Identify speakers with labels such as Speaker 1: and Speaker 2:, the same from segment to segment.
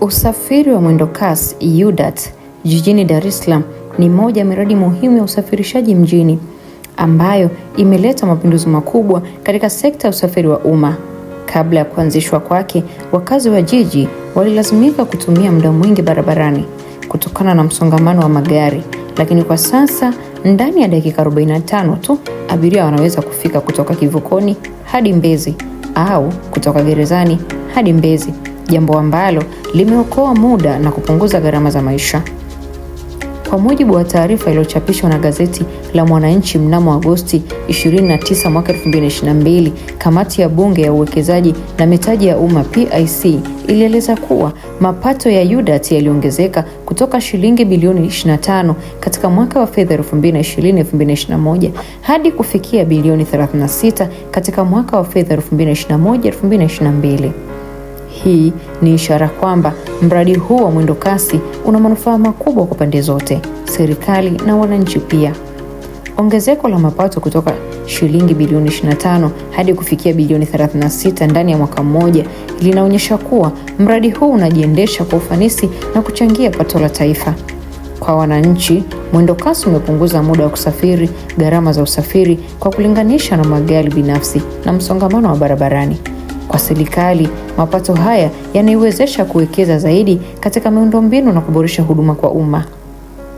Speaker 1: Usafiri wa mwendokasi UDART jijini Dar es Salaam ni moja ya miradi muhimu ya usafirishaji mjini ambayo imeleta mapinduzi makubwa katika sekta ya usafiri wa umma. Kabla ya kuanzishwa kwake, wakazi wa jiji walilazimika kutumia muda mwingi barabarani kutokana na msongamano wa magari, lakini kwa sasa ndani ya dakika 45 tu abiria wanaweza kufika kutoka Kivukoni hadi Mbezi au kutoka Gerezani hadi Mbezi jambo ambalo limeokoa muda na kupunguza gharama za maisha. Kwa mujibu wa taarifa iliyochapishwa na gazeti la Mwananchi mnamo Agosti 29 mwaka 2022, kamati ya bunge ya uwekezaji na mitaji ya umma PIC ilieleza kuwa mapato ya UDART yaliongezeka kutoka shilingi bilioni 25 katika mwaka wa fedha 2020-2021 hadi kufikia bilioni 36 katika mwaka wa fedha 2021-2022. Hii ni ishara kwamba mradi huu wa mwendokasi una manufaa makubwa kwa pande zote, serikali na wananchi pia. Ongezeko la mapato kutoka shilingi bilioni 25 hadi kufikia bilioni 36 ndani ya mwaka mmoja linaonyesha kuwa mradi huu unajiendesha kwa ufanisi na kuchangia pato la taifa. Kwa wananchi, mwendokasi umepunguza muda wa kusafiri, gharama za usafiri kwa kulinganisha na magari binafsi na msongamano wa barabarani. Kwa serikali, mapato haya yanaiwezesha kuwekeza zaidi katika miundombinu na kuboresha huduma kwa umma.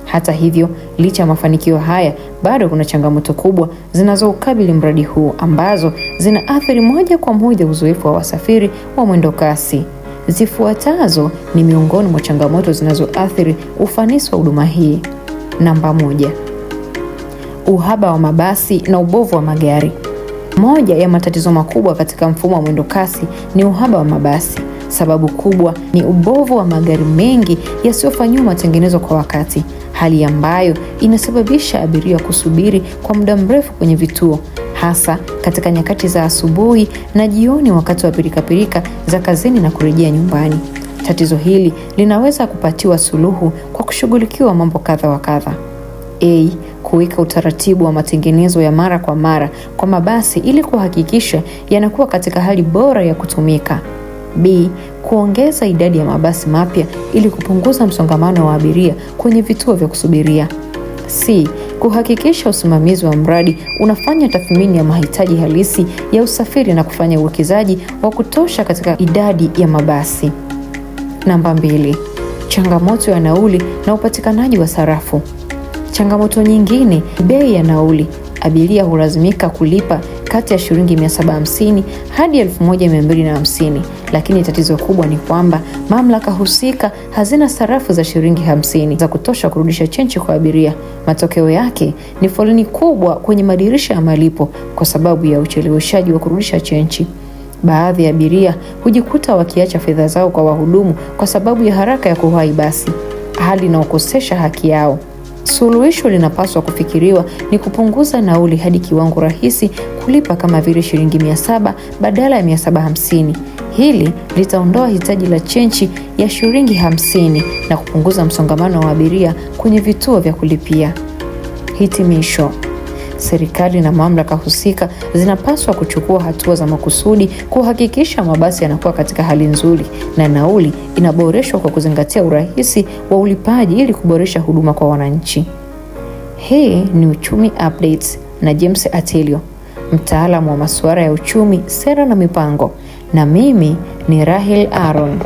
Speaker 1: Hata hivyo, licha ya mafanikio haya, bado kuna changamoto kubwa zinazoukabili mradi huu ambazo zina athari moja kwa moja uzoefu wa wasafiri wa mwendo kasi. Zifuatazo ni miongoni mwa changamoto zinazoathiri ufanisi wa huduma hii. Namba moja, uhaba wa mabasi na ubovu wa magari. Moja ya matatizo makubwa katika mfumo wa mwendokasi ni uhaba wa mabasi. Sababu kubwa ni ubovu wa magari mengi yasiyofanyiwa matengenezo kwa wakati, hali ambayo inasababisha abiria kusubiri kwa muda mrefu kwenye vituo, hasa katika nyakati za asubuhi na jioni, wakati wa pirikapirika za kazini na kurejea nyumbani. Tatizo hili linaweza kupatiwa suluhu kwa kushughulikiwa mambo kadha wa kadha. TRA kuweka utaratibu wa matengenezo ya mara kwa mara kwa mabasi ili kuhakikisha yanakuwa katika hali bora ya kutumika. B, kuongeza idadi ya mabasi mapya ili kupunguza msongamano wa abiria kwenye vituo vya kusubiria. C, kuhakikisha usimamizi wa mradi unafanya tathmini ya mahitaji halisi ya usafiri na kufanya uwekezaji wa kutosha katika idadi ya mabasi. Namba mbili, changamoto ya nauli na upatikanaji wa sarafu. Changamoto nyingine, bei ya nauli. Abiria hulazimika kulipa kati ya shilingi 750 hadi 1250, lakini tatizo kubwa ni kwamba mamlaka husika hazina sarafu za shilingi 50 za kutosha kurudisha chenchi kwa abiria. Matokeo yake ni foleni kubwa kwenye madirisha ya malipo kwa sababu ya ucheleweshaji wa kurudisha chenchi. Baadhi ya abiria hujikuta wakiacha fedha zao kwa wahudumu kwa sababu ya haraka ya kuwahi basi, hali inaokosesha haki yao. Suluhisho linapaswa kufikiriwa ni kupunguza nauli hadi kiwango rahisi kulipa kama vile shilingi 700 badala ya 750. Hili litaondoa hitaji la chenchi ya shilingi 50 na kupunguza msongamano wa abiria kwenye vituo vya kulipia. Hitimisho serikali na mamlaka husika zinapaswa kuchukua hatua za makusudi kuhakikisha mabasi yanakuwa katika hali nzuri na nauli inaboreshwa kwa kuzingatia urahisi wa ulipaji ili kuboresha huduma kwa wananchi. Hii ni Uchumi Updates na James Atilio, mtaalamu wa masuala ya uchumi, sera na mipango, na mimi ni Rahel Aaron.